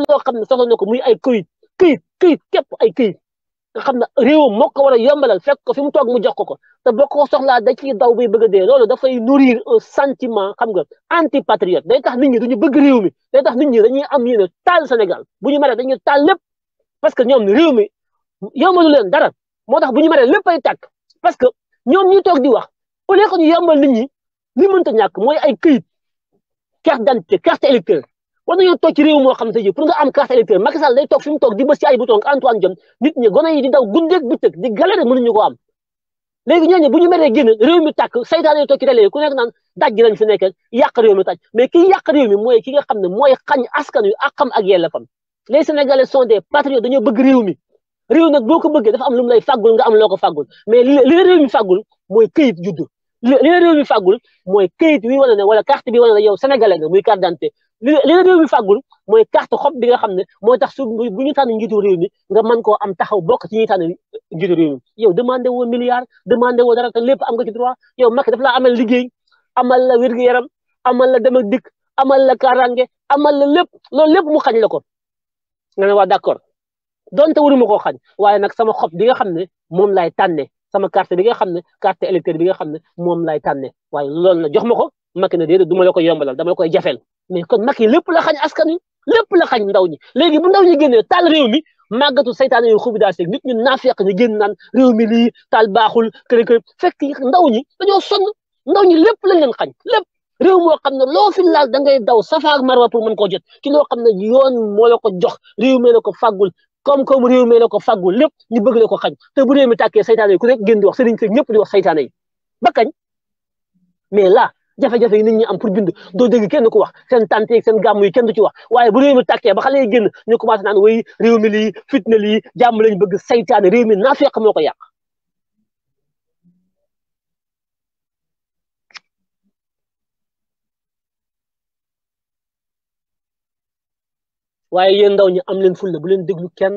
loo xam ne soxla na ko muy ay këyit këyit këyit képp ay këyit nga xam ne réewam moo ko war a yombalal fekk ko fi mu toog mu jox ko ko te boo ko soxlaa da ciy daw bay bëgg a dee loolu dafay nourrir un sentiment xam nga antipatriote day tax nit ñi duñu bëgg réew mi day tax nit ñi dañuy am yéene taal Sénégal bu ñu meree dañuy taal lépp parce que ñoom réew mi yombalu leen dara moo tax bu ñu meree lépp ay tàkk parce que ñoom ñuy toog di wax au lieu que ñu yombal nit ñi li mënta ñàkk mooy ay këyit carte d'identité carte électeur war nañoo toog ci moo xam ne tey pour nga am carte électeur Macky Sall day toog fi mu toog di bës ci ay bouton Antoine Diome nit ñi gone yi di daw guddeeg bëccëg di galéré mënuñu ko am léegi ñu meree génn réew mi tàkk saytaan yi toog ci ku nekk naan daj lañ fi nekk yàq mi tàj mais ki yàq réew mi mooy ki nga xam ne mooy xañ askan wi àqam ak yelleefam les sénégalais sont des dañoo bëgg réew mi réew nag boo ko bëggee dafa am lu mu lay fàggul nga am loo ko fàggul mais li la réew mi fàggul mooy këyit wi wane ne wala carte bi wane ne yow sénégalais nga muy carte d'identité li li réew mi fàggul mooy carte xob bi nga xam ne mooy tax su bu ñu tànn njiitu réew mi nga mën koo am taxaw ko ci ñuy tànn njiitu réew mi yow demandé woo milliard demandé woo dara te lépp am nga ci droit yow Macky daf laa amal liggéey amal la wér-gu-yaram amal la dem dikk amal la karange amal la lépp loolu lépp mu xañ la ko nga ne waa d'accord donte waruma koo xañ waaye nag sama xob bi nga xam ne moom laay tànne sama carte bi nga xam ne carte électeur bi nga xam ne moom laay tànne waaye loolu la jox ma ko Macky ne déedéet du ma la koy yombalal dama la koy jafeel mais kon Macky lépp la xañ askan wi lépp la xañ ndaw ñi léegi bu ndaw ñi génnee taal réew mi màggatu saytaane yu xubi daa seeg nit ñu naafeq ñu génn naan réew mi lii baaxul kër fekk ndaw ñi dañoo sonn ndaw ñi lépp lañ leen xañ lépp réew moo xam ne loo fi laal ngay daw safaak marwa pour mën koo jot ci loo xam ne yoon moo ko jox réew mi ko fàggul comme comme réew mi la ko fàggul lépp ñu bëgg ko xañ bu réew mi tàkkee saytaane yi ku nekk génn di wax sëriñ si ñëpp di wax saytaane yi ba kañ mais là jafe-jafe yi nit ñi am pour bind doo dégg kenn ko wax seen tante yi seen gàmm yi kenn du ci wax waaye bu réew mi tàkkee ba xale yi génn ñu commencé réew mi lii fitna lii jàmm lañ bëgg saytaane réew mi naafeq moo ko yàq waaye yéen ndaw ñi am leen fulla bu leen déglu kenn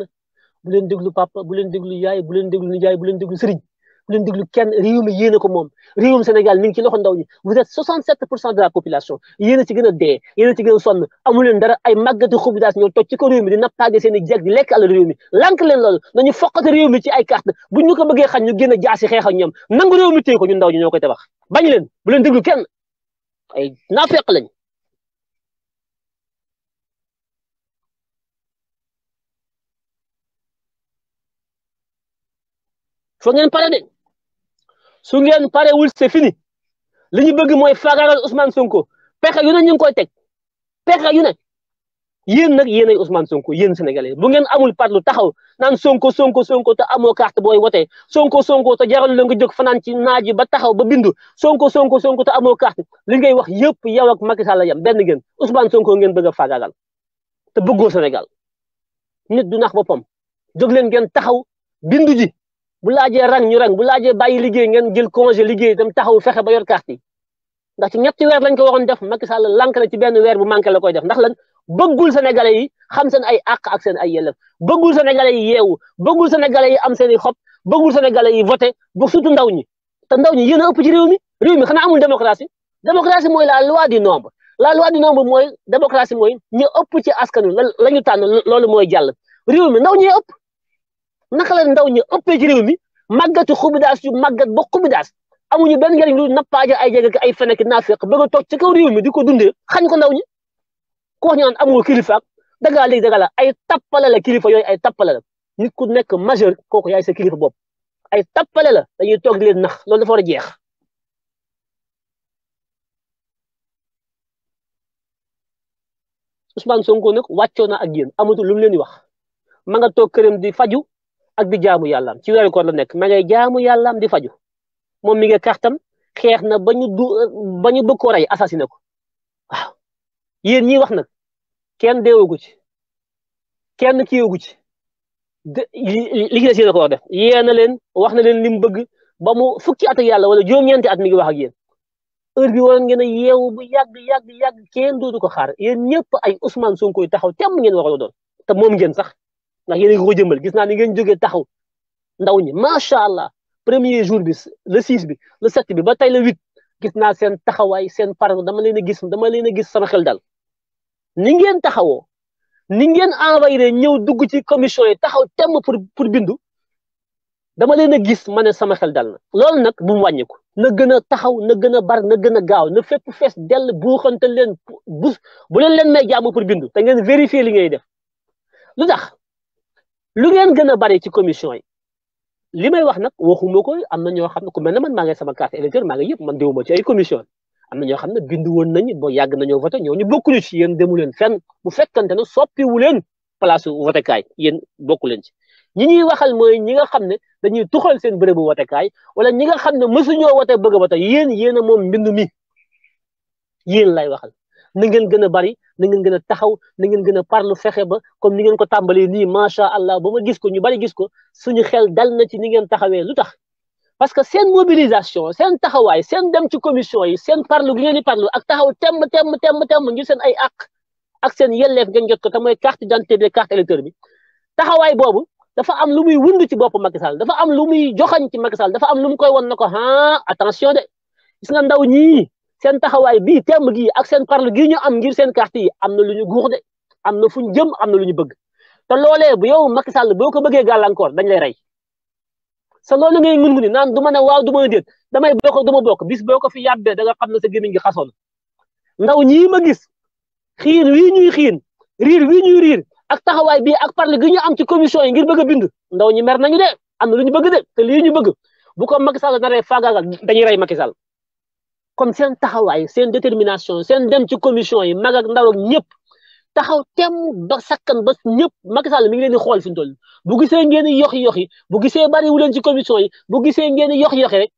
bu leen déglu papa bu leen déglu yaay bu leen déglu nijaay bu leen déglu sëriñ leen déglu kenn réew mi yéen a ko moom Sénégal mi ngi ci loxo ndaw ñi vous êtes 67 pour cent de la population yéen a ci gën a dee yéen a ci gën a sonn amu leen dara ay màggati xubidaas ñoo toj ci ko réew mi di nappaage seen i jeeg di lekk àll réew mi lànk leen loolu nañu foqate réew mi ci ay carte bu ñu ko bëggee xañ ñu gën a jaasi xeex ak ñoom nangu réew mi téye ko ñu ndaw ñi ñoo koy tabax leen bu leen déglu kenn ay naafeq lañ su ngeen parewul c'est fini li ñu bëgg mooy fagaaral Ousmane Sonko pexe yu ne ngi koy teg pexe yu ne yéen nag yéen ay Ousmane Sonko yéen sénégalais bu ngeen amul parlu taxaw naan Sonko Sonko Sonko te amoo carte booy wote Sonko Sonko te jaral la nga jóg fanaan ci naaj ba taxaw ba bindu Sonko Sonko Sonko te amoo carte li ngay wax yëpp yow ak Macky Sall yam benn ngeen Ousmane Sonko ngeen bëgg a fagaaral te bëggoo senegal nit du nax boppam jóg leen ngeen taxaw bindu ji. bu laajee rang ñu rang bu laajee bàyyi liggéey ngeen jël congé liggéey dem taxaw fexe ba yor carte yi ndax ci ñetti weer lañ ko waxoon def Macky Sall lank na ci benn weer bu manqué la koy def ndax lan bëggul sénégale yi xam seen ay àq ak seen ay yelleef bëggul sénégalais yi yeewu bëggul sénégalais yi am seen i xob bëggul sénégalais yi voté ba surtout ndaw ñi te ndaw ñi yen a ëpp ci réew mi réew mi xanaa amul démocratie démocratie mooy la loi du nombre la loi du nombre mooy démocratie mooy ñu ëpp ci askan wi la ñu tànn loolu mooy jàll réew mi ndaw ñi ëpp naka ndaw ñi ëppee ci réew mi xubidaas yu màggat ba xubidaas amuñu benn njëriñ lu nappaaje ay jege ak ay fenekk naafeq toog ci kaw réew mi di ko dundee xañ ko ndaw ñi ko wax ñu naan amul kilifa da ngaa léegi la ay tappale kilifa yooyu ay tappale la nit ku nekk majeur kooku yaay sa kilifa bopp ay tappale la dañuy toog leen nax loolu dafa war a jeex. Ousmane Sonko nag wàccoo na ak yéen amatul lu leen di wax ma nga toog këram di faju ak di jaamu yàllaam ci weeru koor la nekk ma ngay jaamu yàllaam di faju moom mi ngi kartam xeex na ba ñu du ba ñu bëgg ko rey assassiné ko waaw yéen ñi wax nag kenn deewagu ci kenn kiiwagu ci li ci des yéen a ko def yee na leen wax na leen li mu bëgg ba mu fukki at yàlla wala juróom-ñeenti at mi ngi wax ak yéen heure bi waroon ngeen a bu yàgg yàgg yàgg kenn dootu ko xaar yéen ñëpp ay Ousmane Sonko yi taxaw temm ngeen waroon doon te moom ngeen sax. na yéen a ngi ko jëmbal gis naa ni ngeen jógee taxaw ndaw ñi macha allah premier jour bi le six bi le sept bi ba tey la huit gis naa seen taxawaay seen parano dama leen a gis dama leen gis sama xel dal ni ngeen taxawoo ni ngeen envoyé ñëw dugg ci commission yi taxaw temm pour pour bindu dama leen gis ma ne sama xel dal na loolu nag bu mu wàññeeku na gën a taxaw na gën a bar na gën a gaaw na fépp fees dell buuxante leen bu bu leen leen may jàmm pour bindu te ngeen vérifier li ngay def lu ngeen gën a bari ci commission yi li may wax nag waxuma ko am na ñoo xam na ku mel ne man maa ngi sama carte électeur maa ngi yëpp man déwuma ci ay commission am na ñoo xam ne bindu woon nañu ba yàgg nañoo ñoo ñu bokkuñu ci yen demu leen fenn bu fekkante ne soppiwu leen place votekaay yéen bokku leen ci ñi ñuy waxal mooy ñi nga xam ne dañuy tuxal seen bërëbu votekaay wala ñi nga xam ne mësuñoo wote bëgg a vote yéen yéen a moom mbind mi yéen lay waxal na ngeen gën a bari na ngeen gën a taxaw na ngeen gën a parlu fexe ba comme ni ngeen ko tàmbalee nii macha allah ba ma gis ko ñu bari gis ko suñu xel dal na ci ni ngeen taxawee lu tax. parce que seen mobilisation seen taxawaay seen dem ci commission yi seen parlu gi ngeen di parlu ak taxaw temb temb temb temb ngir seen ay àq ak seen yelleef ngeen jot ko te mooy carte d'identité bi carte électeur taxawaay boobu dafa am lu muy wund ci bopp Macky dafa am lu muy joxañ ci Macky Sall dafa am lu mu koy won na ko ah attention de gis nga ndaw ñii. seen taxawaay bii temb gii ak seen parle gi ñu am ngir seen carte yi am na lu ñu guux de am na fu ñu jëm am na lu ñu bëgg te loolee bu yow Macky Sall boo ko bëggee gàllankoor dañ lay rey sa loolu ngay ngun nguni naan du ma ne waaw du ma déet damay bokk du ma bokk bis boo ko fi yàbbee da nga xam ne sa gémmiñ gi xasoon ndaw ñii ma gis xiin wii ñuy xiin riir wii ñuy riir ak taxawaay bi ak parle gi ñu am ci commission yi ngir bëgg a bind ndaw ñi mer nañu de am na lu ñu bëgg de te lii ñu bëgg bu ko Macky Sall naree faagaagal dañuy rey Macky Sall kon seen taxawaay seen détermination seen dem ci commission yi mag ak ndaw ak ñëpp taxaw tem ba sakkan ba ñëpp Macky Sall mi ngi leen di xool fi mu toll bu gisee ngeen yox yoxi bu gisee bariwu leen ci commission yi bu gisee ngeen yox yoxi rek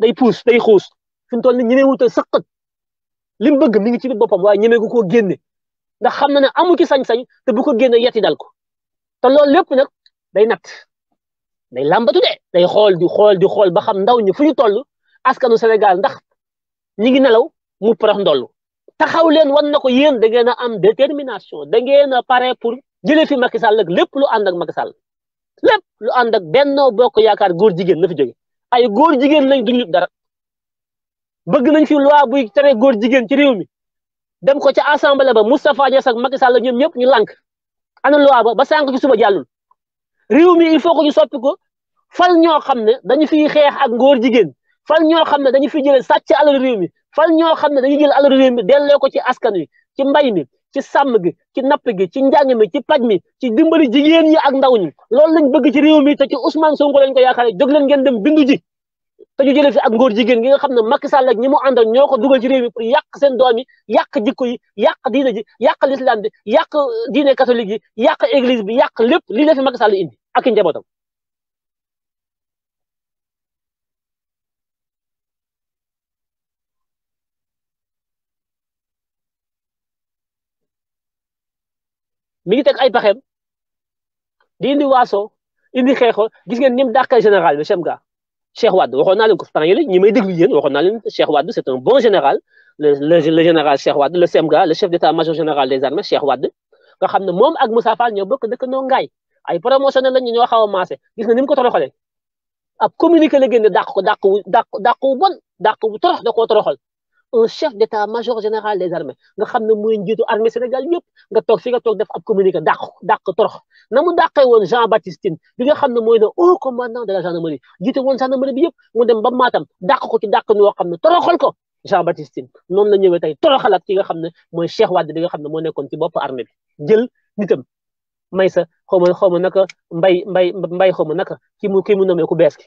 day puus day xuus fi mu toll nii ñemewul te sëqat li mu bëgg mi ngi ci boppam waaye ñemeegu koo génne ndax xam na ne amu ki sañ-sañ te bu ko génne yetti dal ko te loolu lépp nag day natt day làmbatu de day xool di xool di xool ba xam ndaw ñi fu ñu toll askanu Sénégal ndax. ñi ngi nelaw mu porox ndollu taxaw leen wan na ko yéen da ngeen a am détermination da ngeen a pare pour jëlee fi Macky Sall lépp lu ànd ak Macky Sall lépp lu ànd ak Benno Bokk Yaakaar góor jigéen na fi jóge ay góor jigéen lañ duñu dara bëgg nañ fi loi buy tere góor jigéen ci réew mi dem ko ca assemblée ba Moustapha Niass ak Macky Sall ñoom ñëpp ñu lànk ana loi ba ba sànq ci suba jàllul réew mi il faut que ñu soppi ko fal ñoo xam ne dañu fiy xeex ak góor jigéen fal ñoo xam ne dañu fi jëlee sàcc alal réew mi fal ñoo xam ne dañu jël alal réew mi delloo ko ci askan wi ci mbay mi ci sàmm gi ci napp gi ci njàng mi ci paj mi ci dimbali jigéen ñi ak ndaw ñi loolu lañ bëgg ci réew mi te ci Ousmane Sonko lañ ko yaakaare jóg leen ngeen dem bindu ji te ñu jëlee fi ak ngóor jigéen gi nga xam ne Macky Sall ak ñi mu àndal ñoo ko dugal ci réew mi pour yàq seen doom yi yàq jikko yi yàq diine ji yàq l'islam bi yàq diine catholique yi yàq église bi yàq lépp lii la fi Macky indi ak i mi ngi teg ay baxem di indi waaso indi xeexoo gis ngeen ni mu dàqee général bi Shemga Cheikh Wade waxoon naa leen ko temps yële ñi may déglu yéen waxoon naa leen Cheikh Wade c'est un bon général le le général Cheikh Wade le Shemga le chef d'état-major général des armées Cheikh Wade nga xam ne moom ak Moussa Fall ñoo bokk dëkk noo ngaay ay promotionnel lañu ñoo xaw a maase gis nga ni mu ko toroxalee ab communiqué la génne dàq ko dàq wu dàq dàq wu bon dàq bu torox da koo toroxal un chef d' état major général des nga xam ne mooy njiitu armée Sénégal yëpp nga toog fi nga toog def ab communiqué dàq dàq torox na mu dàqee woon Jean Baptiste bi nga xam ne mooy le haut commandant de la gendarmerie jiite woon gendarmerie bi yëpp mu dem ba Matam dàq ko ci dàq xam ne toroxal ko Jean Baptiste Tine noonu la ñëwee tey toroxal ak ki nga xam ne mooy Cheikh Wade bi nga xam ne moo nekkoon ci bopp armée bi jël may sa xaw ma xaw ma naka mbay mbay mbay xaw ma naka ki mu ki mu nommé ku bees ki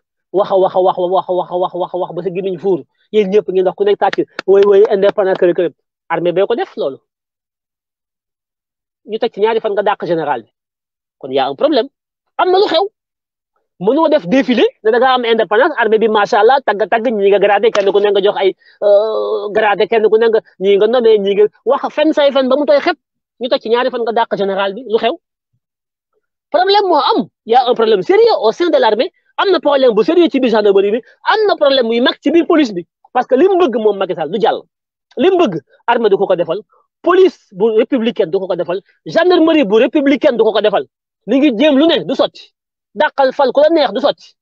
wax a wax a wax wax wax wax wax wax ba sa gémmiñ fuur yéen ñëpp ngeen wax ku nekk tàcc woy woy indépendant kër kër armée bee ko def loolu ñu teg ci ñaari fan nga dàq général bi kon y'a un problème am na lu xew mënoo def défilé ne da ngaa am indépendance armée bi macha allah tagg tagg ñi nga gradé kenn ku ne nga jox ay euh, gradé kenn ku ne nga ñii nga nommé ñii nga wax fen say fen ba mu tooy xëpp ñu teg ci ñaari fan nga dàq général bi lu xew problème moo am y'a un problème sérieux au sein de l'armée am na problème bu sérieux ci biir gendarmerie bi am na problème muy mag ci biir police bi parce que li mu bëgg moom Macky Sall du jàll li mu bëgg armée du ko ko defal police bu républicaine du ko ko defal gendarmerie bu républicaine du ko ko defal mi ngi jéem lu ne du sotti dàqal fal ku la neex du sotti